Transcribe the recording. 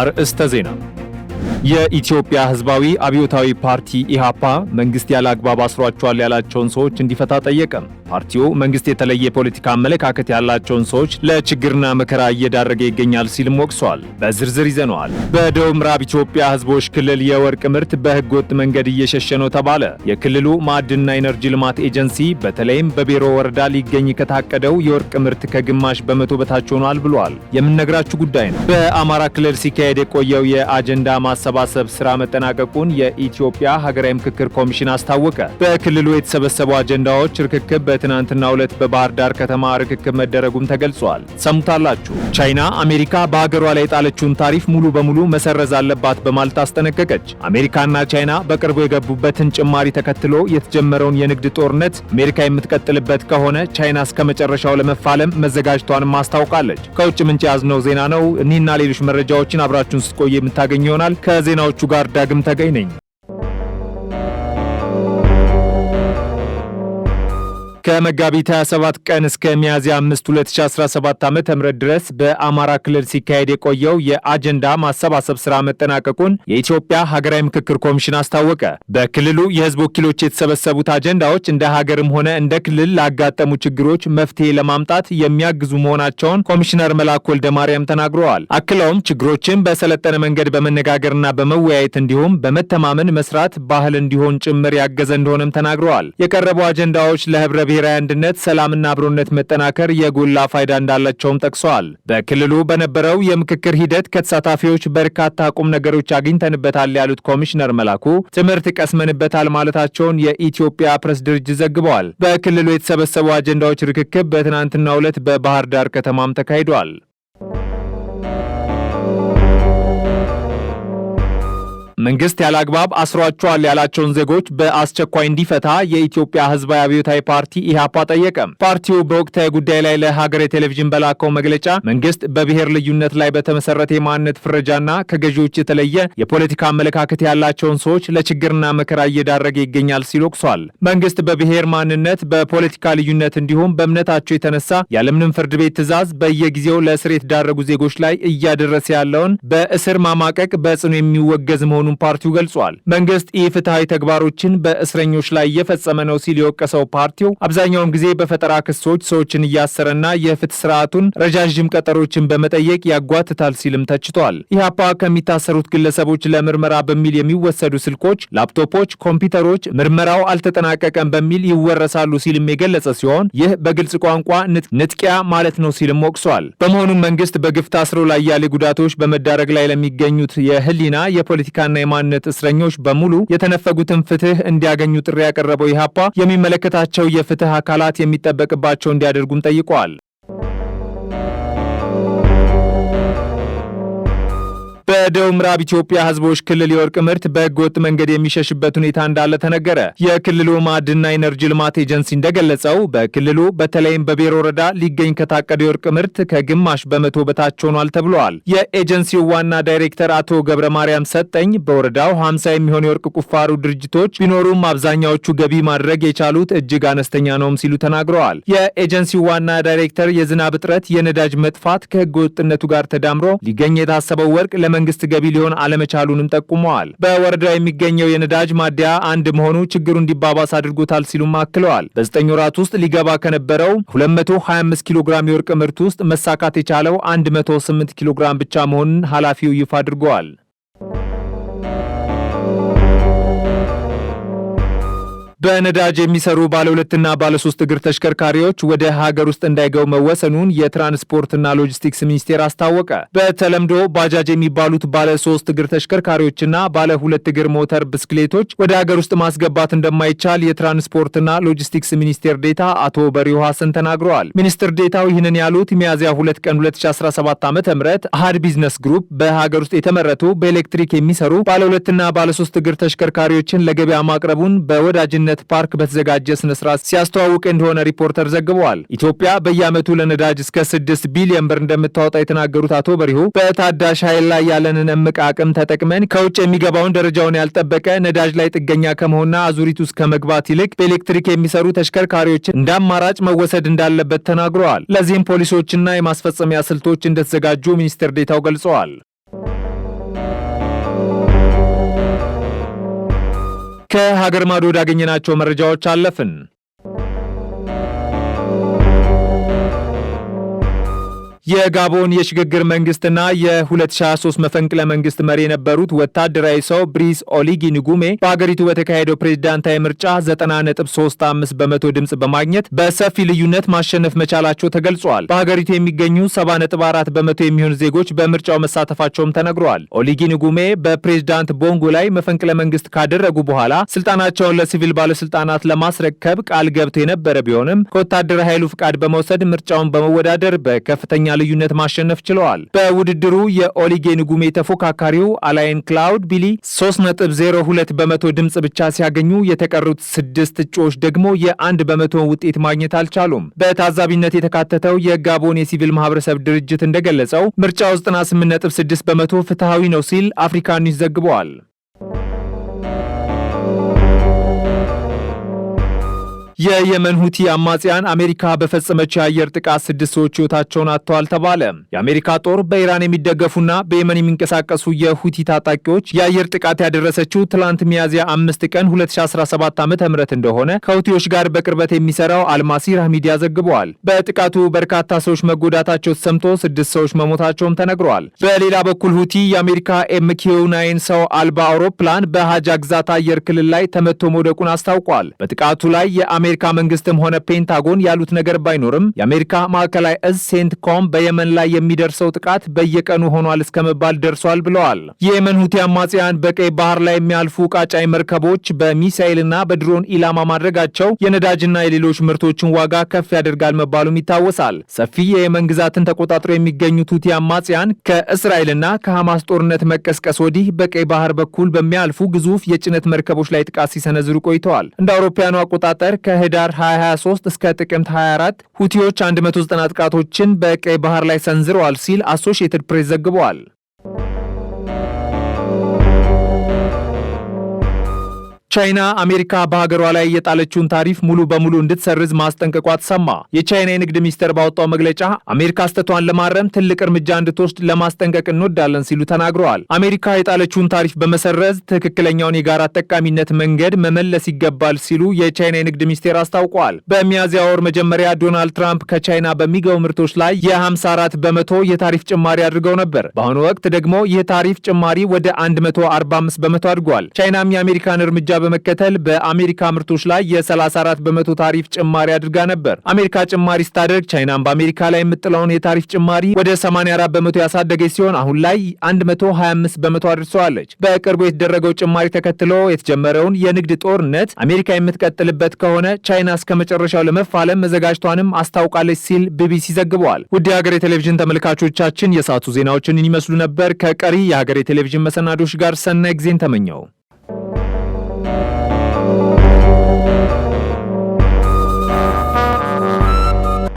አርእስተ ዜና የኢትዮጵያ ሕዝባዊ አብዮታዊ ፓርቲ ኢሃፓ መንግስት ያለ አግባብ አስሯቸዋል ያላቸውን ሰዎች እንዲፈታ ጠየቀ። ፓርቲው መንግስት የተለየ የፖለቲካ አመለካከት ያላቸውን ሰዎች ለችግርና መከራ እየዳረገ ይገኛል ሲልም ወቅሷል። በዝርዝር ይዘነዋል። በደቡብ ምዕራብ ኢትዮጵያ ህዝቦች ክልል የወርቅ ምርት በህገወጥ መንገድ እየሸሸ ነው ተባለ። የክልሉ ማዕድንና ኤነርጂ ልማት ኤጀንሲ በተለይም በቢሮ ወረዳ ሊገኝ ከታቀደው የወርቅ ምርት ከግማሽ በመቶ በታች ሆኗል ብሏል። የምነግራችሁ ጉዳይ ነው። በአማራ ክልል ሲካሄድ የቆየው የአጀንዳ ማሰባሰብ ስራ መጠናቀቁን የኢትዮጵያ ሀገራዊ ምክክር ኮሚሽን አስታወቀ። በክልሉ የተሰበሰቡ አጀንዳዎች ርክክብ በትናንትናው ዕለት በባህር ዳር ከተማ ርክክብ መደረጉም ተገልጿል። ሰሙታላችሁ። ቻይና አሜሪካ በሀገሯ ላይ የጣለችውን ታሪፍ ሙሉ በሙሉ መሰረዝ አለባት በማለት አስጠነቀቀች። አሜሪካና ቻይና በቅርቡ የገቡበትን ጭማሪ ተከትሎ የተጀመረውን የንግድ ጦርነት አሜሪካ የምትቀጥልበት ከሆነ ቻይና እስከ መጨረሻው ለመፋለም መዘጋጅቷንም አስታውቃለች። ከውጭ ምንጭ ያዝነው ዜና ነው። እኒህና ሌሎች መረጃዎችን አብራችሁን ስትቆይ የምታገኝ ይሆናል። ከዜናዎቹ ጋር ዳግም ተገኝ ነኝ። ከመጋቢት 27 ቀን እስከ ሚያዝያ 5 2017 ዓ ም ድረስ በአማራ ክልል ሲካሄድ የቆየው የአጀንዳ ማሰባሰብ ስራ መጠናቀቁን የኢትዮጵያ ሀገራዊ ምክክር ኮሚሽን አስታወቀ። በክልሉ የህዝብ ወኪሎች የተሰበሰቡት አጀንዳዎች እንደ ሀገርም ሆነ እንደ ክልል ላጋጠሙ ችግሮች መፍትሄ ለማምጣት የሚያግዙ መሆናቸውን ኮሚሽነር መላኩ ወልደ ማርያም ተናግረዋል። አክለውም ችግሮችን በሰለጠነ መንገድ በመነጋገርና በመወያየት እንዲሁም በመተማመን መስራት ባህል እንዲሆን ጭምር ያገዘ እንደሆነም ተናግረዋል። የቀረቡ አጀንዳዎች ለህብረ ለብሔራዊ አንድነት ሰላምና አብሮነት መጠናከር የጎላ ፋይዳ እንዳላቸውም ጠቅሰዋል። በክልሉ በነበረው የምክክር ሂደት ከተሳታፊዎች በርካታ ቁም ነገሮች አግኝተንበታል ያሉት ኮሚሽነር መላኩ ትምህርት ቀስመንበታል ማለታቸውን የኢትዮጵያ ፕሬስ ድርጅት ዘግበዋል። በክልሉ የተሰበሰቡ አጀንዳዎች ርክክብ በትናንትናው ዕለት በባህር ዳር ከተማም ተካሂዷል። መንግስት ያለ አግባብ አስሯቸዋል ያላቸውን ዜጎች በአስቸኳይ እንዲፈታ የኢትዮጵያ ህዝባዊ አብዮታዊ ፓርቲ ኢህአፓ ጠየቀ። ፓርቲው በወቅታዊ ጉዳይ ላይ ለሀገሬ ቴሌቪዥን በላከው መግለጫ መንግስት በብሔር ልዩነት ላይ በተመሰረተ የማንነት ፍረጃና ከገዢዎች የተለየ የፖለቲካ አመለካከት ያላቸውን ሰዎች ለችግርና መከራ እየዳረገ ይገኛል ሲል ወቅሷል። መንግስት በብሔር ማንነት፣ በፖለቲካ ልዩነት እንዲሁም በእምነታቸው የተነሳ ያለምንም ፍርድ ቤት ትዕዛዝ በየጊዜው ለእስር የተዳረጉ ዜጎች ላይ እያደረሰ ያለውን በእስር ማማቀቅ በጽኑ የሚወገዝ መሆኑ መሆኑን ፓርቲው ገልጿል። መንግስት ኢፍትሐዊ ተግባሮችን በእስረኞች ላይ እየፈጸመ ነው ሲል የወቀሰው ፓርቲው አብዛኛውን ጊዜ በፈጠራ ክሶች ሰዎችን እያሰረና የፍትህ ስርዓቱን ረዣዥም ቀጠሮችን በመጠየቅ ያጓትታል ሲልም ተችቷል። ኢህአፓ ከሚታሰሩት ግለሰቦች ለምርመራ በሚል የሚወሰዱ ስልኮች፣ ላፕቶፖች፣ ኮምፒውተሮች ምርመራው አልተጠናቀቀም በሚል ይወረሳሉ ሲልም የገለጸ ሲሆን ይህ በግልጽ ቋንቋ ንጥቂያ ማለት ነው ሲልም ወቅሷል። በመሆኑም መንግስት በግፍ ታስሮ ላይ ጉዳቶች በመዳረግ ላይ ለሚገኙት የህሊና የፖለቲካና የማንነት እስረኞች በሙሉ የተነፈጉትን ፍትህ እንዲያገኙ ጥሪ ያቀረበው ኢህአፓ የሚመለከታቸው የፍትህ አካላት የሚጠበቅባቸው እንዲያደርጉም ጠይቀዋል። በደቡብ ምዕራብ ኢትዮጵያ ህዝቦች ክልል የወርቅ ምርት በህገወጥ መንገድ የሚሸሽበት ሁኔታ እንዳለ ተነገረ። የክልሉ ማዕድና ኢነርጂ ልማት ኤጀንሲ እንደገለጸው በክልሉ በተለይም በቤሮ ወረዳ ሊገኝ ከታቀደ የወርቅ ምርት ከግማሽ በመቶ በታች ሆኗል ተብለዋል። የኤጀንሲው ዋና ዳይሬክተር አቶ ገብረ ማርያም ሰጠኝ በወረዳው 50 የሚሆኑ የወርቅ ቁፋሩ ድርጅቶች ቢኖሩም አብዛኛዎቹ ገቢ ማድረግ የቻሉት እጅግ አነስተኛ ነውም ሲሉ ተናግረዋል። የኤጀንሲው ዋና ዳይሬክተር የዝናብ እጥረት፣ የነዳጅ መጥፋት ከህገ ወጥነቱ ጋር ተዳምሮ ሊገኝ የታሰበው ወርቅ ለመ የመንግስት ገቢ ሊሆን አለመቻሉንም ጠቁመዋል። በወረዳ የሚገኘው የነዳጅ ማደያ አንድ መሆኑ ችግሩ እንዲባባስ አድርጎታል ሲሉም አክለዋል። በዘጠኝ ወራት ውስጥ ሊገባ ከነበረው 225 ኪሎ ግራም የወርቅ ምርት ውስጥ መሳካት የቻለው 108 ኪሎ ግራም ብቻ መሆኑን ኃላፊው ይፋ አድርገዋል። በነዳጅ የሚሰሩ ባለሁለትና ባለሶስት እግር ተሽከርካሪዎች ወደ ሀገር ውስጥ እንዳይገቡ መወሰኑን የትራንስፖርትና ሎጂስቲክስ ሚኒስቴር አስታወቀ። በተለምዶ ባጃጅ የሚባሉት ባለ ሶስት እግር ተሽከርካሪዎችና ባለ ሁለት እግር ሞተር ብስክሌቶች ወደ ሀገር ውስጥ ማስገባት እንደማይቻል የትራንስፖርትና ሎጂስቲክስ ሚኒስቴር ዴታ አቶ በሪሁ ሀሰን ተናግረዋል። ሚኒስትር ዴታው ይህንን ያሉት ሚያዝያ 2 ቀን 2017 ዓ ም አሃድ ቢዝነስ ግሩፕ በሀገር ውስጥ የተመረቱ በኤሌክትሪክ የሚሰሩ ባለሁለትና ባለሶስት እግር ተሽከርካሪዎችን ለገበያ ማቅረቡን በወዳጅነት በአብሮነት ፓርክ በተዘጋጀ ስነስርዓት ሲያስተዋውቅ እንደሆነ ሪፖርተር ዘግበዋል። ኢትዮጵያ በየዓመቱ ለነዳጅ እስከ 6 ቢሊዮን ብር እንደምታወጣ የተናገሩት አቶ በሪሁ በታዳሽ ኃይል ላይ ያለንን እምቅ አቅም ተጠቅመን ከውጭ የሚገባውን ደረጃውን ያልጠበቀ ነዳጅ ላይ ጥገኛ ከመሆንና አዙሪት ውስጥ ከመግባት ይልቅ በኤሌክትሪክ የሚሰሩ ተሽከርካሪዎችን እንደ አማራጭ መወሰድ እንዳለበት ተናግረዋል። ለዚህም ፖሊሶችና የማስፈጸሚያ ስልቶች እንደተዘጋጁ ሚኒስትር ዴታው ገልጸዋል። ከሀገር ማዶ ወዳገኘናቸው መረጃዎች አለፍን። የጋቦን የሽግግር መንግስትና የ2023 መፈንቅለ መንግስት መሪ የነበሩት ወታደራዊ ሰው ብሪስ ኦሊጊ ንጉሜ በአገሪቱ በተካሄደው ፕሬዝዳንታዊ ምርጫ 90.35 በመቶ ድምፅ በማግኘት በሰፊ ልዩነት ማሸነፍ መቻላቸው ተገልጿል። በሀገሪቱ የሚገኙ 7.4 በመቶ የሚሆኑ ዜጎች በምርጫው መሳተፋቸውም ተነግረዋል። ኦሊጊ ንጉሜ በፕሬዝዳንት ቦንጎ ላይ መፈንቅለ መንግስት ካደረጉ በኋላ ስልጣናቸውን ለሲቪል ባለስልጣናት ለማስረከብ ቃል ገብቶ የነበረ ቢሆንም ከወታደር ኃይሉ ፍቃድ በመውሰድ ምርጫውን በመወዳደር በከፍተኛ ልዩነት ማሸነፍ ችለዋል። በውድድሩ የኦሊጌ ንጉሜ ተፎካካሪው አላይን ክላውድ ቢሊ 3.02 በመቶ ድምፅ ብቻ ሲያገኙ የተቀሩት ስድስት እጩዎች ደግሞ የአንድ በመቶ ውጤት ማግኘት አልቻሉም። በታዛቢነት የተካተተው የጋቦን የሲቪል ማህበረሰብ ድርጅት እንደገለጸው ምርጫው 98.6 በመቶ ፍትሐዊ ነው ሲል አፍሪካ ኒውስ ዘግበዋል። የየመን ሁቲ አማጽያን አሜሪካ በፈጸመች የአየር ጥቃት ስድስት ሰዎች ህይወታቸውን አጥተዋል ተባለ። የአሜሪካ ጦር በኢራን የሚደገፉና በየመን የሚንቀሳቀሱ የሁቲ ታጣቂዎች የአየር ጥቃት ያደረሰችው ትላንት ሚያዝያ አምስት ቀን 2017 ዓ ም እንደሆነ ከሁቲዎች ጋር በቅርበት የሚሰራው አልማሲራ ሚዲያ ዘግበዋል። በጥቃቱ በርካታ ሰዎች መጎዳታቸው ተሰምቶ ስድስት ሰዎች መሞታቸውም ተነግረዋል። በሌላ በኩል ሁቲ የአሜሪካ ኤምኪው ናይን ሰው አልባ አውሮፕላን በሃጃ ግዛት አየር ክልል ላይ ተመቶ መውደቁን አስታውቋል። በጥቃቱ ላይ የአሜ የአሜሪካ መንግስትም ሆነ ፔንታጎን ያሉት ነገር ባይኖርም የአሜሪካ ማዕከላዊ እዝ ሴንት ኮም በየመን ላይ የሚደርሰው ጥቃት በየቀኑ ሆኗል እስከ መባል ደርሷል ብለዋል። የየመን ሁቲ አማጽያን በቀይ ባህር ላይ የሚያልፉ ቃጫይ መርከቦች በሚሳኤልና በድሮን ኢላማ ማድረጋቸው የነዳጅና የሌሎች ምርቶችን ዋጋ ከፍ ያደርጋል መባሉም ይታወሳል። ሰፊ የየመን ግዛትን ተቆጣጥሮ የሚገኙት ሁቲ አማጽያን ከእስራኤልና ከሐማስ ጦርነት መቀስቀስ ወዲህ በቀይ ባህር በኩል በሚያልፉ ግዙፍ የጭነት መርከቦች ላይ ጥቃት ሲሰነዝሩ ቆይተዋል። እንደ አውሮፓውያኑ አቆጣጠር ከ ከህዳር 2023 እስከ ጥቅምት 24 ሁቲዎች 190 ጥቃቶችን በቀይ ባህር ላይ ሰንዝረዋል ሲል አሶሺየትድ ፕሬስ ዘግበዋል። ቻይና አሜሪካ በሀገሯ ላይ የጣለችውን ታሪፍ ሙሉ በሙሉ እንድትሰርዝ ማስጠንቀቋ ተሰማ። የቻይና የንግድ ሚኒስቴር ባወጣው መግለጫ አሜሪካ ስተቷን ለማረም ትልቅ እርምጃ እንድትወስድ ለማስጠንቀቅ እንወዳለን ሲሉ ተናግረዋል። አሜሪካ የጣለችውን ታሪፍ በመሰረዝ ትክክለኛውን የጋራ ጠቃሚነት መንገድ መመለስ ይገባል ሲሉ የቻይና የንግድ ሚኒስቴር አስታውቋል። በሚያዝያ ወር መጀመሪያ ዶናልድ ትራምፕ ከቻይና በሚገቡ ምርቶች ላይ የ54 በመቶ የታሪፍ ጭማሪ አድርገው ነበር። በአሁኑ ወቅት ደግሞ ይህ ታሪፍ ጭማሪ ወደ 145 በመቶ አድጓል። ቻይናም የአሜሪካን እርምጃ በመከተል በአሜሪካ ምርቶች ላይ የ34 በመቶ ታሪፍ ጭማሪ አድርጋ ነበር። አሜሪካ ጭማሪ ስታደርግ ቻይናም በአሜሪካ ላይ የምጥለውን የታሪፍ ጭማሪ ወደ 84 በመቶ ያሳደገች ሲሆን አሁን ላይ 125 በመቶ አድርሰዋለች። በቅርቡ የተደረገው ጭማሪ ተከትሎ የተጀመረውን የንግድ ጦርነት አሜሪካ የምትቀጥልበት ከሆነ ቻይና እስከ መጨረሻው ለመፋለም መዘጋጅቷንም አስታውቃለች ሲል ቢቢሲ ዘግበዋል። ውድ የሀገሬ ቴሌቪዥን ተመልካቾቻችን የሰዓቱ ዜናዎችን ይመስሉ ነበር። ከቀሪ የሀገሬ ቴሌቪዥን መሰናዶች ጋር ሰናይ ጊዜን ተመኘው። Thank you.